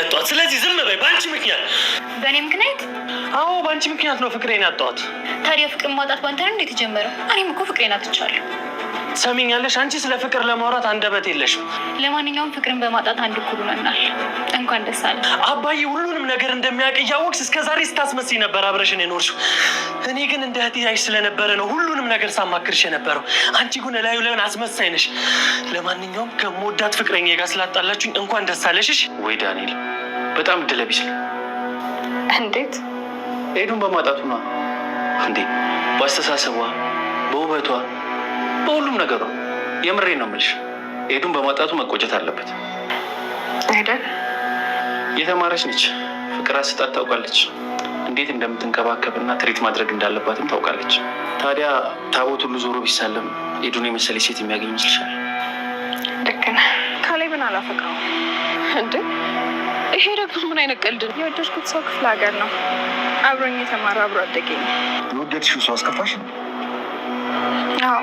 ያጧት። ስለዚህ ዝም በይ። በአንቺ ምክንያት በእኔ ምክንያት? አዎ በአንቺ ምክንያት ነው ፍቅሬን ያጧት። ታዲያ ፍቅር ማውጣት ባንተ ነው እንዴት የጀመረው? እኔም እኮ ፍቅሬን አጥቻለሁ። ሰሚኛለሽ? አንቺ ስለ ፍቅር ለማውራት አንደበት የለሽም። ለማንኛውም ፍቅርን በማጣት አንድ እኩል ሆነናል። እንኳን ደስ አለ አባዬ። ሁሉንም ነገር እንደሚያውቅ እያወቅሽ እስከ ዛሬ ስታስመስይ ነበር አብረሽን የኖርሽው። እኔ ግን እንደ እህትሽ ስለነበረ ነው ሁሉንም ነገር ሳማክርሽ የነበረው። አንቺ ግን ላዩ ላዩን አስመሳይ ነሽ። ለማንኛውም ከመወዳት ፍቅረኛ ጋር ስላጣላችሁኝ እንኳን ደስ አለሽሽ። ወይ ዳንኤል በጣም ድለቢስ ነው። እንዴት ኤዱን በማጣቱ ነ እንዴ? በአስተሳሰቧ በውበቷ በሁሉም ነገሩ የምሬ ነው የምልሽ። ኤዱን በማጣቱ መቆጨት አለበት አይደል? የተማረች ነች፣ ፍቅር አስጣት ታውቃለች። እንዴት እንደምትንከባከብ እና ትሪት ማድረግ እንዳለባትም ታውቃለች። ታዲያ ታቦት ሁሉ ዞሮ ቢሳለም ኤዱን የመሰለች ሴት የሚያገኝ ይመስልሻል? ልክ ነህ። ካሌብን አላፈቅረውም እንዴ? ይሄ ደግሞ ምን አይነት ቀልድ ነው? የወደድኩት ሰው ክፍለ ሀገር ነው፣ አብሮኝ የተማረ አብሮ አደገኝ። የወደድሽው ሰው አስከፋሽ? አዎ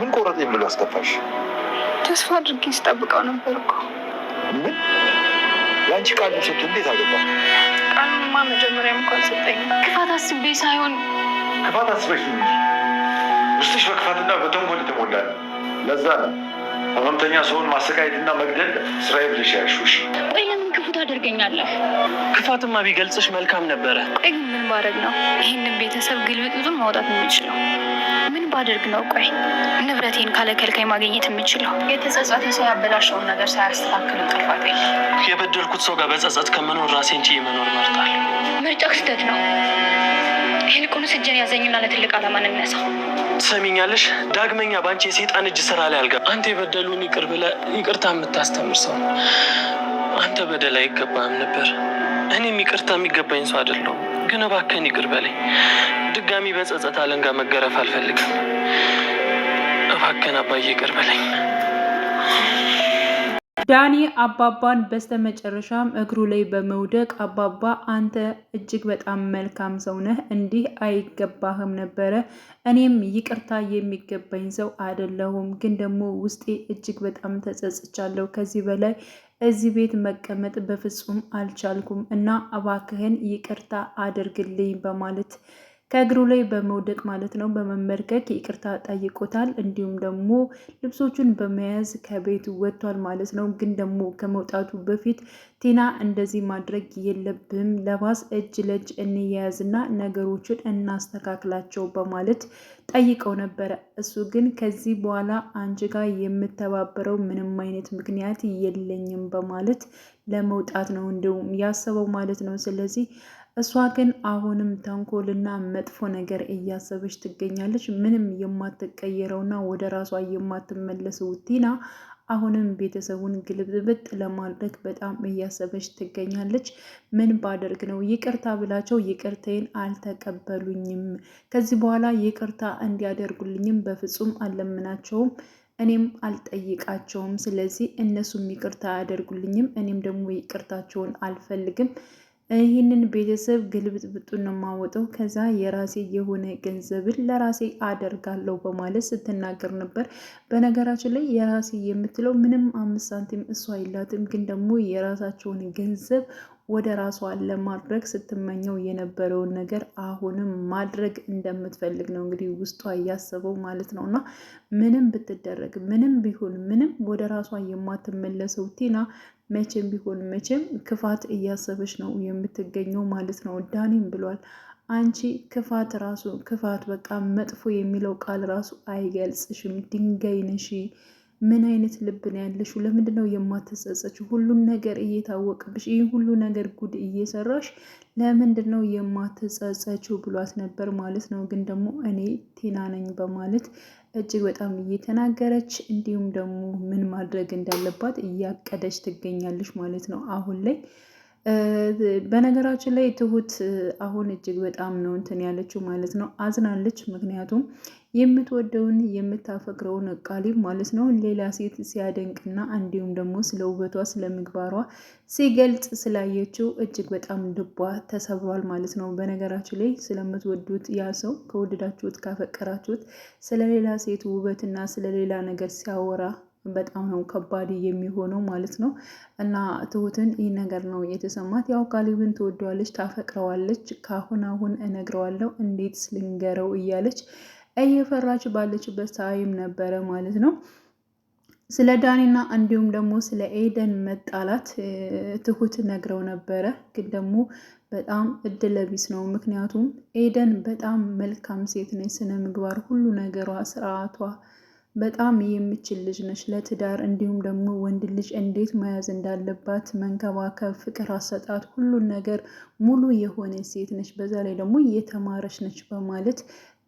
ምን ቆረጥ ብሎ አስከፋሽ? ተስፋ አድርጌ ስጠብቀው ነበር እኮ። ምን የአንቺ ቃል ሰቱ እንዴት አገባ? ቃሉማ መጀመሪያ እንኳን ሰጠኝ። ክፋት አስቤ ሳይሆን ክፋት አስበሽ ውስጥሽ በክፋትና በተንኮል የተሞላ ነው። ለዛ ነው ህመምተኛ ሰውን ማሰቃየትና መግደል ስራዬ ብለሽ ያልሺው። ክፉ ታደርገኛለህ? ክፋትማ ቢገልጽሽ መልካም ነበረ። ቆይ ምን ማድረግ ነው? ይህንን ቤተሰብ ግልብጡን ማውጣት የምችለው ምን ባደርግ ነው? ቆይ ንብረቴን ካለከልካይ ማግኘት የምችለው የተጸጸተ ሰው ያበላሸውን ነገር ሳያስተካክል ጥፋት። የበደልኩት ሰው ጋር በጸጸት ከመኖር ራሴን ችዬ መኖር መርጣል ምርጫ ስህተት ነው። ይልቁንስ እጄን ያዘኝና ለትልቅ ዓላማ እንነሳ። ትሰሚኛለሽ? ዳግመኛ በአንቺ የሰይጣን እጅ ስራ ላይ አልገባም። አንተ የበደሉን ይቅር ብለህ ይቅርታ የምታስተምር ሰው አንተ በደል አይገባህም ነበር። እኔም ይቅርታ የሚገባኝ ሰው አይደለሁም፣ ግን እባከን ይቅር በለኝ። ድጋሚ በጸጸት አለንጋ መገረፍ አልፈልግም። እባከን አባዬ ይቅር በለኝ። ዳኒ አባባን በስተመጨረሻም እግሩ ላይ በመውደቅ አባባ አንተ እጅግ በጣም መልካም ሰው ነህ፣ እንዲህ አይገባህም ነበረ። እኔም ይቅርታ የሚገባኝ ሰው አይደለሁም፣ ግን ደግሞ ውስጤ እጅግ በጣም ተጸጽቻለሁ። ከዚህ በላይ እዚህ ቤት መቀመጥ በፍጹም አልቻልኩም እና እባክህን ይቅርታ አድርግልኝ በማለት ከእግሩ ላይ በመውደቅ ማለት ነው በመመርከክ ይቅርታ ጠይቆታል። እንዲሁም ደግሞ ልብሶቹን በመያዝ ከቤት ወጥቷል ማለት ነው። ግን ደግሞ ከመውጣቱ በፊት ቲና እንደዚህ ማድረግ የለብም ለባስ እጅ ለእጅ እንያያዝና ነገሮችን እናስተካክላቸው በማለት ጠይቀው ነበረ። እሱ ግን ከዚህ በኋላ አንቺ ጋር የምተባበረው ምንም አይነት ምክንያት የለኝም በማለት ለመውጣት ነው እንደውም ያሰበው ማለት ነው። ስለዚህ እሷ ግን አሁንም ተንኮልና መጥፎ ነገር እያሰበች ትገኛለች። ምንም የማትቀየረውና ወደ ራሷ የማትመለሰው ቲና አሁንም ቤተሰቡን ግልብብጥ ለማድረግ በጣም እያሰበች ትገኛለች። ምን ባደርግ ነው ይቅርታ ብላቸው ይቅርታዬን አልተቀበሉኝም፣ ከዚህ በኋላ ይቅርታ እንዲያደርጉልኝም በፍጹም አልለምናቸውም፣ እኔም አልጠይቃቸውም። ስለዚህ እነሱም ይቅርታ አያደርጉልኝም፣ እኔም ደግሞ ይቅርታቸውን አልፈልግም ይህንን ቤተሰብ ግልብጥብጡን ነው የማወጣው፣ ከዛ የራሴ የሆነ ገንዘብን ለራሴ አደርጋለሁ በማለት ስትናገር ነበር። በነገራችን ላይ የራሴ የምትለው ምንም አምስት ሳንቲም እሷ አይላትም፣ ግን ደግሞ የራሳቸውን ገንዘብ ወደ ራሷ ለማድረግ ስትመኘው የነበረውን ነገር አሁንም ማድረግ እንደምትፈልግ ነው እንግዲህ ውስጧ እያሰበው ማለት ነው። እና ምንም ብትደረግ ምንም ቢሆን ምንም ወደ ራሷ የማትመለሰው ቲና መቼም ቢሆን መቼም ክፋት እያሰበች ነው የምትገኘው ማለት ነው። ዳኒም ብሏል አንቺ ክፋት ራሱ ክፋት በቃ መጥፎ የሚለው ቃል ራሱ አይገልጽሽም ድንጋይ ነሽ ምን አይነት ልብ ነው ያለሽው? ለምንድን ነው የማትጸጸችው? ሁሉን ነገር እየታወቀብሽ ይህ ሁሉ ነገር ጉድ እየሰራሽ ለምንድን ነው የማትጸጸችው ብሏት ነበር ማለት ነው። ግን ደግሞ እኔ ቴና ነኝ በማለት እጅግ በጣም እየተናገረች እንዲሁም ደግሞ ምን ማድረግ እንዳለባት እያቀደች ትገኛለች ማለት ነው አሁን ላይ በነገራችን ላይ ትሁት አሁን እጅግ በጣም ነው እንትን ያለችው ማለት ነው፣ አዝናለች። ምክንያቱም የምትወደውን የምታፈቅረውን ቃሊብ ማለት ነው ሌላ ሴት ሲያደንቅና እንዲሁም ደግሞ ስለ ውበቷ ስለምግባሯ ሲገልጽ ስላየችው እጅግ በጣም ልቧ ተሰብሯል ማለት ነው። በነገራችን ላይ ስለምትወዱት ያ ሰው ከወደዳችሁት ካፈቀራችሁት ስለሌላ ሴት ውበትና ስለሌላ ነገር ሲያወራ በጣም ነው ከባድ የሚሆነው ማለት ነው። እና ትሁትን ይህ ነገር ነው የተሰማት። ያው ካሌብን ትወደዋለች፣ ታፈቅረዋለች። ካሁን አሁን እነግረዋለሁ እንዴት ልንገረው እያለች እየፈራች ባለችበት ሳይም ነበረ ማለት ነው። ስለ ዳኒና እንዲሁም ደግሞ ስለ ኤደን መጣላት ትሁት ነግረው ነበረ። ግን ደግሞ በጣም እድለቢስ ነው። ምክንያቱም ኤደን በጣም መልካም ሴት ነች። ስነ ምግባር፣ ሁሉ ነገሯ፣ ስርዓቷ በጣም የምችል ልጅ ነች። ለትዳር እንዲሁም ደግሞ ወንድ ልጅ እንዴት መያዝ እንዳለባት መንከባከብ፣ ፍቅር አሰጣት፣ ሁሉን ነገር ሙሉ የሆነ ሴት ነች። በዛ ላይ ደግሞ የተማረች ነች በማለት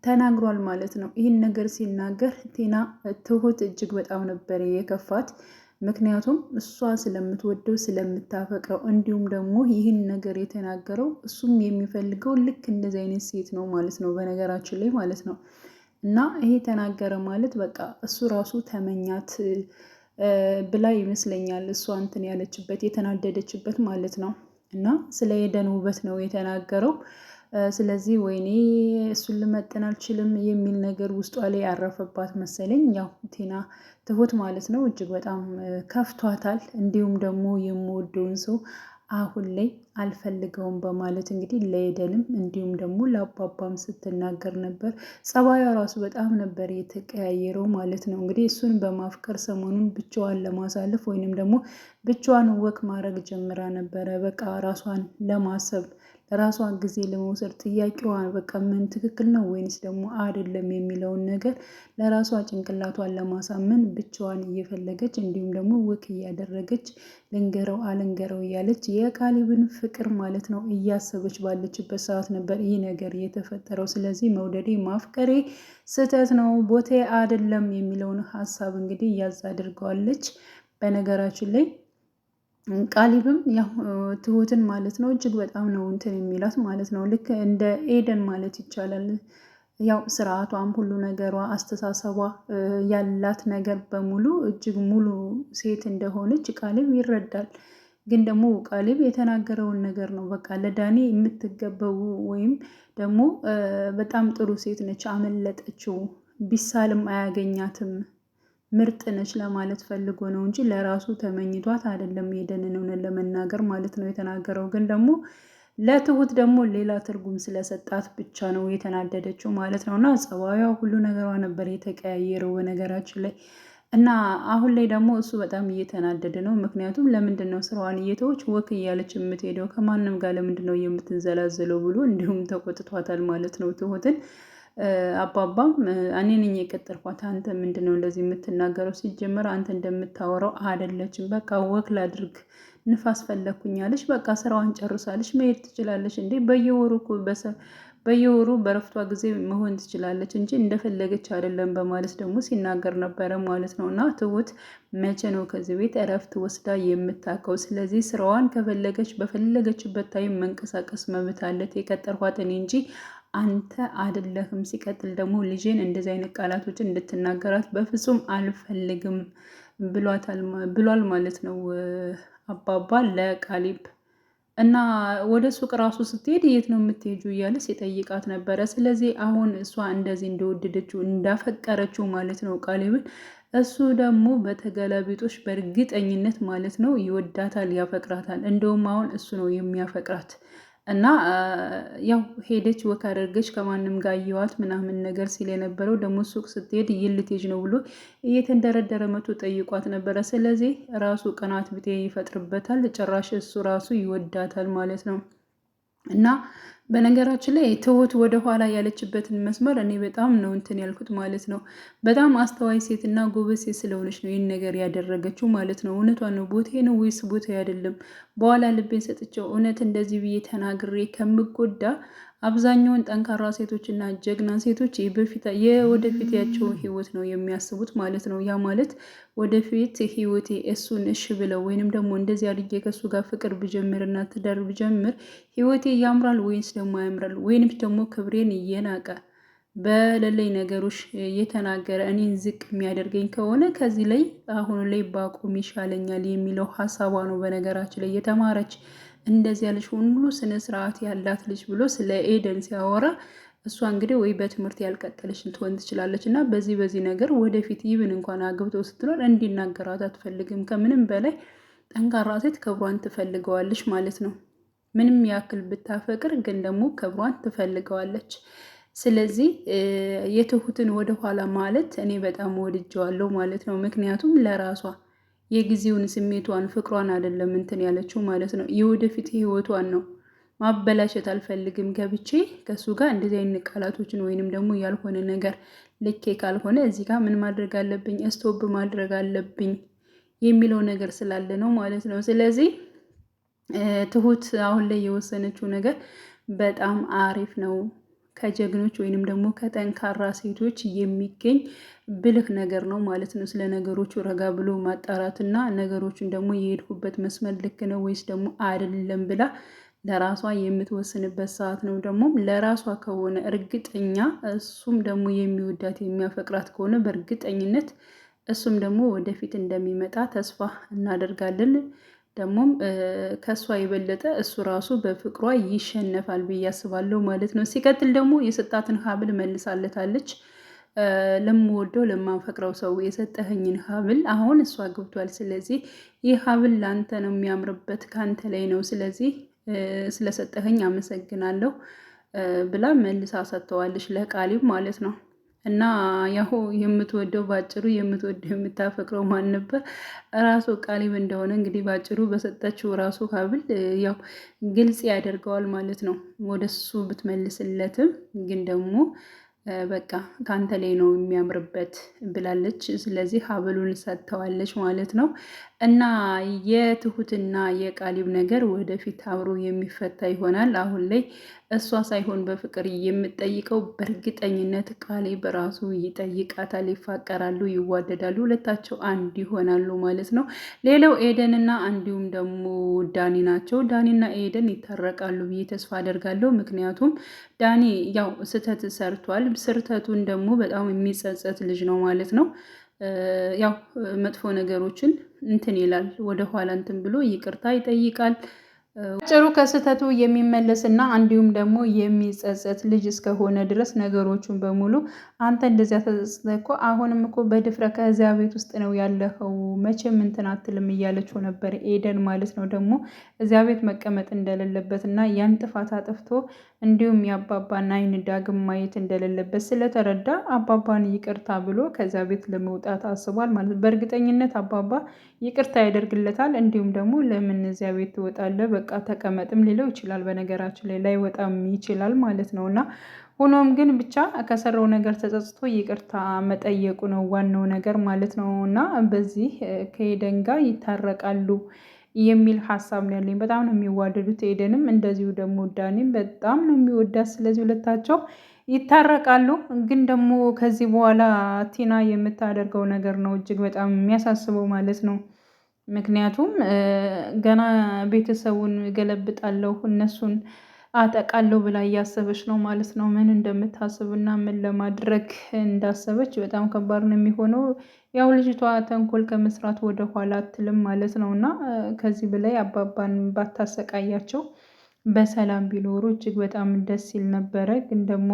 ተናግሯል ማለት ነው። ይህን ነገር ሲናገር ቴና ትሁት እጅግ በጣም ነበር የከፋት። ምክንያቱም እሷ ስለምትወደው ስለምታፈቅረው፣ እንዲሁም ደግሞ ይህን ነገር የተናገረው እሱም የሚፈልገው ልክ እንደዚህ አይነት ሴት ነው ማለት ነው። በነገራችን ላይ ማለት ነው እና ይሄ ተናገረ ማለት በቃ እሱ ራሱ ተመኛት ብላ ይመስለኛል እሷ እንትን ያለችበት የተናደደችበት ማለት ነው። እና ስለ ኤደን ውበት ነው የተናገረው። ስለዚህ ወይኔ እሱን ልመጠን አልችልም የሚል ነገር ውስጧ ላይ ያረፈባት መሰለኝ። ያው ቴና ትሁት ማለት ነው እጅግ በጣም ከፍቷታል። እንዲሁም ደግሞ የምወደውን ሰው አሁን ላይ አልፈልገውም በማለት እንግዲህ ለየደንም እንዲሁም ደግሞ ለአባባም ስትናገር ነበር። ጸባዩ ራሱ በጣም ነበር የተቀያየረው ማለት ነው። እንግዲህ እሱን በማፍቀር ሰሞኑን ብቻዋን ለማሳለፍ ወይንም ደግሞ ብቻዋን ወክ ማድረግ ጀምራ ነበረ። በቃ ራሷን ለማሰብ ራሷን ጊዜ ለመውሰድ ጥያቄዋን በቃ ምን ትክክል ነው ወይንስ ደግሞ አይደለም የሚለውን ነገር ለራሷ ጭንቅላቷን ለማሳመን ብቻዋን እየፈለገች እንዲሁም ደግሞ ውክ እያደረገች ልንገረው አልንገረው እያለች የቃሊብን ፍቅር ማለት ነው እያሰበች ባለችበት ሰዓት ነበር ይህ ነገር የተፈጠረው። ስለዚህ መውደዴ ማፍቀሬ ስህተት ነው ቦቴ አይደለም የሚለውን ሀሳብ እንግዲህ እያዛ አድርገዋለች። በነገራችን ላይ ቃሊብም ያው ትሁትን ማለት ነው እጅግ በጣም ነው እንትን የሚላት ማለት ነው። ልክ እንደ ኤደን ማለት ይቻላል። ያው ስርዓቷም፣ ሁሉ ነገሯ፣ አስተሳሰቧ ያላት ነገር በሙሉ እጅግ ሙሉ ሴት እንደሆነች ቃሊብ ይረዳል። ግን ደግሞ ቃሊብ የተናገረውን ነገር ነው በቃ ለዳኒ የምትገበው ወይም ደግሞ በጣም ጥሩ ሴት ነች፣ አመለጠችው፣ ቢሳልም አያገኛትም ምርጥ ነች ለማለት ፈልጎ ነው እንጂ ለራሱ ተመኝቷት አይደለም። ኤደንን እውነት ለመናገር ማለት ነው የተናገረው። ግን ደግሞ ለትሁት ደግሞ ሌላ ትርጉም ስለሰጣት ብቻ ነው የተናደደችው ማለት ነው። እና ጸባዩዋ ሁሉ ነገሯ ነበር የተቀያየረው በነገራችን ላይ እና አሁን ላይ ደግሞ እሱ በጣም እየተናደደ ነው። ምክንያቱም ለምንድን ነው ስራዋን እየተወች ወክ እያለች የምትሄደው ከማንም ጋር ለምንድን ነው የምትንዘላዘለው ብሎ እንዲሁም ተቆጥቷታል ማለት ነው ትሁትን አባባም እኔ ነኝ የቀጠርኳት፣ አንተ ምንድን ነው እንደዚህ የምትናገረው? ሲጀመር አንተ እንደምታወራው አደለችም። በቃ ወክ ላድርግ ንፋስ ፈለግኩኛለች። አለች። በቃ ስራዋን ጨርሳለች፣ መሄድ ትችላለች። እንዴ በየወሩ በየወሩ በረፍቷ ጊዜ መሆን ትችላለች እንጂ እንደፈለገች አይደለም በማለት ደግሞ ሲናገር ነበረ ማለት ነው። እና ትሁት መቼ ነው ከዚህ ቤት እረፍት ወስዳ የምታከው? ስለዚህ ስራዋን ከፈለገች በፈለገችበት ታይም መንቀሳቀስ መብት አለት። የቀጠርኳት እኔ እንጂ አንተ አይደለህም። ሲቀጥል ደግሞ ልጄን እንደዚህ አይነት ቃላቶችን እንድትናገራት በፍጹም አልፈልግም ብሏል ማለት ነው አባባ ለቃሊብ። እና ወደ ሱቅ ራሱ ስትሄድ የት ነው የምትሄጁ እያለ ሲጠይቃት ነበረ። ስለዚህ አሁን እሷ እንደዚህ እንደወደደችው እንዳፈቀረችው ማለት ነው ቃሊብን። እሱ ደግሞ በተገላቢጦች በእርግጠኝነት ማለት ነው ይወዳታል፣ ያፈቅራታል። እንደውም አሁን እሱ ነው የሚያፈቅራት እና ያው ሄደች ወክ አደርገች ከማንም ጋር እየዋት ምናምን ነገር ሲል የነበረው ደግሞ ሱቅ ስትሄድ ይልቴጅ ነው ብሎ እየተንደረደረ መቶ ጠይቋት ነበረ። ስለዚህ ራሱ ቅናት ብጤ ይፈጥርበታል። ጭራሽ እሱ ራሱ ይወዳታል ማለት ነው። እና በነገራችን ላይ ትሁት ወደኋላ ያለችበትን መስመር እኔ በጣም ነው እንትን ያልኩት ማለት ነው። በጣም አስተዋይ ሴትና ጎበዝ ሴት ስለሆነች ነው ይህን ነገር ያደረገችው ማለት ነው። እውነቷ ነው። ቦቴ ነው ወይስ ቦቴ አይደለም? በኋላ ልቤን ሰጥቼው እውነት እንደዚህ ብዬ ተናግሬ ከምጎዳ አብዛኛውን ጠንካራ ሴቶችና ጀግና ሴቶች ያቸው ህይወት ነው የሚያስቡት ማለት ነው። ያ ማለት ወደፊት ህይወቴ እሱን እሽ ብለው ወይንም ደግሞ እንደዚህ አድጌ ከሱ ጋር ፍቅር እና ትዳር ብጀምር ህይወቴ ያምራል ወይንስ ደግሞ ያምራል ወይንም ደግሞ ክብሬን እየናቀ በሌለኝ ነገሮች የተናገረ እኔን ዝቅ የሚያደርገኝ ከሆነ ከዚህ ላይ አሁኑ ላይ ባቆም ይሻለኛል የሚለው ሀሳቧ ነው። በነገራችን ላይ የተማረች እንደዚያ ልጅ ሆን ሁሉ ስነ ስርዓት ያላት ልጅ ብሎ ስለ ኤደን ሲያወራ እሷ እንግዲህ ወይ በትምህርት ያልቀጠለች ልትሆን ትችላለች እና በዚህ በዚህ ነገር ወደፊት ይብን እንኳን አግብተው ስትኖር እንዲናገራት አትፈልግም። ከምንም በላይ ጠንካራ ሴት ክብሯን ትፈልገዋለች ማለት ነው። ምንም ያክል ብታፈቅር ግን ደግሞ ክብሯን ትፈልገዋለች። ስለዚህ የትሁትን ወደኋላ ማለት እኔ በጣም ወድጀዋለሁ ማለት ነው። ምክንያቱም ለራሷ የጊዜውን ስሜቷን ፍቅሯን አይደለም እንትን ያለችው ማለት ነው። የወደፊት ህይወቷን ነው። ማበላሸት አልፈልግም። ገብቼ ከእሱ ጋር እንደዚህ አይነት ቃላቶችን ወይንም ደግሞ ያልሆነ ነገር ልኬ ካልሆነ እዚህ ጋር ምን ማድረግ አለብኝ፣ እስቶብ ማድረግ አለብኝ የሚለው ነገር ስላለ ነው ማለት ነው። ስለዚህ ትሁት አሁን ላይ የወሰነችው ነገር በጣም አሪፍ ነው። ከጀግኖች ወይንም ደግሞ ከጠንካራ ሴቶች የሚገኝ ብልህ ነገር ነው ማለት ነው። ስለ ነገሮቹ ረጋ ብሎ ማጣራትና ነገሮቹን ደግሞ የሄድኩበት መስመር ልክ ነው ወይስ ደግሞ አይደለም ብላ ለራሷ የምትወስንበት ሰዓት ነው። ደግሞ ለራሷ ከሆነ እርግጠኛ እሱም ደግሞ የሚወዳት የሚያፈቅራት ከሆነ በእርግጠኝነት እሱም ደግሞ ወደፊት እንደሚመጣ ተስፋ እናደርጋለን። ደግሞም ከእሷ የበለጠ እሱ ራሱ በፍቅሯ ይሸነፋል ብዬ አስባለሁ ማለት ነው። ሲቀጥል ደግሞ የሰጣትን ሀብል መልሳለታለች። ለምወደው ለማፈቅረው ሰው የሰጠህኝን ሀብል አሁን እሷ ገብቷል። ስለዚህ ይህ ሀብል ለአንተ ነው የሚያምርበት፣ ከአንተ ላይ ነው። ስለዚህ ስለሰጠህኝ አመሰግናለሁ ብላ መልሳ ሰጥተዋለች ለቃሊብ ማለት ነው። እና ያው የምትወደው ባጭሩ የምትወደው የምታፈቅረው ማን ነበር? ራሱ ቃሊብ እንደሆነ እንግዲህ ባጭሩ በሰጠችው ራሱ ሀብል ያው ግልጽ ያደርገዋል ማለት ነው። ወደሱ ብትመልስለትም ግን ደግሞ በቃ ከአንተ ላይ ነው የሚያምርበት ብላለች። ስለዚህ ሀብሉን ሰጥተዋለች ማለት ነው። እና የትሁትና የቃሊብ ነገር ወደፊት አብሮ የሚፈታ ይሆናል። አሁን ላይ እሷ ሳይሆን በፍቅር የምጠይቀው በእርግጠኝነት ቃሊብ ራሱ ይጠይቃታል። ይፋቀራሉ፣ ይዋደዳሉ፣ ሁለታቸው አንድ ይሆናሉ ማለት ነው። ሌላው ኤደንና እንዲሁም ደግሞ ዳኒ ናቸው። ዳኒና ኤደን ይታረቃሉ ብዬ ተስፋ አደርጋለሁ። ምክንያቱም ዳኒ ያው ስህተት ሰርቷል። ስርተቱን ደግሞ በጣም የሚጸጸት ልጅ ነው ማለት ነው። ያው መጥፎ ነገሮችን እንትን ይላል ወደ ኋላ እንትን ብሎ ይቅርታ ይጠይቃል። ጭሩ ከስህተቱ የሚመለስና እንዲሁም ደግሞ የሚጸጸት ልጅ እስከሆነ ድረስ ነገሮቹን በሙሉ አንተ እንደዚያ ተጸጸትኮ አሁንም እኮ በድፍረ ከዚያ ቤት ውስጥ ነው ያለኸው መቼም እንትን አትልም እያለችው ነበር ኤደን ማለት ነው። ደግሞ እዚያ ቤት መቀመጥ እንደሌለበት እና ያን ጥፋት አጥፍቶ እንዲሁም የአባባን አይን ዳግም ማየት እንደሌለበት ስለተረዳ አባባን ይቅርታ ብሎ ከዚያ ቤት ለመውጣት አስቧል ማለት ነው። በእርግጠኝነት አባባ ይቅርታ ያደርግለታል። እንዲሁም ደግሞ ለምን እዚያ ቤት ትወጣለህ በቃ ተቀመጥም ሌለው ይችላል። በነገራችን ላይ ላይወጣም ይችላል ማለት ነው እና ሆኖም ግን ብቻ ከሰራው ነገር ተጸጽቶ ይቅርታ መጠየቁ ነው ዋናው ነገር ማለት ነው እና በዚህ ከኤደን ጋር ይታረቃሉ የሚል ሀሳብ ነው ያለኝ። በጣም ነው የሚዋደዱት። ኤደንም እንደዚሁ ደግሞ ዳኒም በጣም ነው የሚወዳት። ስለዚህ ሁለታቸው ይታረቃሉ። ግን ደግሞ ከዚህ በኋላ ቲና የምታደርገው ነገር ነው እጅግ በጣም የሚያሳስበው ማለት ነው። ምክንያቱም ገና ቤተሰቡን ገለብጣለሁ እነሱን አጠቃለሁ ብላ እያሰበች ነው ማለት ነው። ምን እና ምን ለማድረግ እንዳሰበች በጣም ከባድ ነው የሚሆነው። ያው ልጅቷ ተንኮል ከመስራት ወደ ኋላ አትልም ማለት ነው እና ከዚህ በላይ አባባን ባታሰቃያቸው በሰላም ቢኖሩ እጅግ በጣም ደስ ይል ነበረ ግን ደግሞ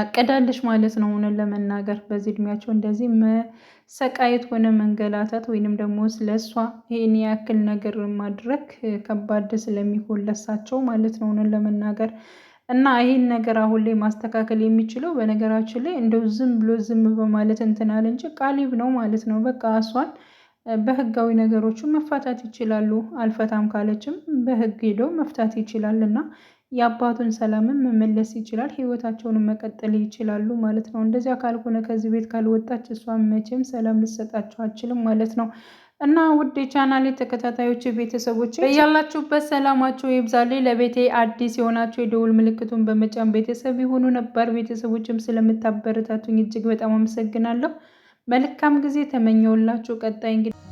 አቅዳለች ማለት ነው። ሆነን ለመናገር በዚህ እድሜያቸው እንደዚህ መሰቃየት ሆነ መንገላታት ወይንም ደግሞ ስለሷ ይህን ያክል ነገር ማድረግ ከባድ ስለሚሆን ለሳቸው ማለት ነው። ሆነን ለመናገር እና ይህን ነገር አሁን ላይ ማስተካከል የሚችለው በነገራችን ላይ እንደው ዝም ብሎ ዝም በማለት እንትናል እንጂ ቃሊብ ነው ማለት ነው። በቃ እሷን በህጋዊ ነገሮቹ መፋታት ይችላሉ። አልፈታም ካለችም በህግ ሄደው መፍታት ይችላል እና የአባቱን ሰላምን መመለስ ይችላል። ህይወታቸውንም መቀጠል ይችላሉ ማለት ነው። እንደዚያ ካልሆነ ከዚህ ቤት ካልወጣች እሷ መቼም ሰላም ልሰጣቸው አችልም ማለት ነው። እና ውድ የቻናሌ ተከታታዮች ቤተሰቦች ያላችሁበት ሰላማቸው ይብዛልኝ። ለቤቴ አዲስ የሆናቸው የደውል ምልክቱን በመጫን ቤተሰብ የሆኑ ነባር ቤተሰቦችም ስለምታበረታቱኝ እጅግ በጣም አመሰግናለሁ። መልካም ጊዜ ተመኘውላችሁ። ቀጣይ እንግዲህ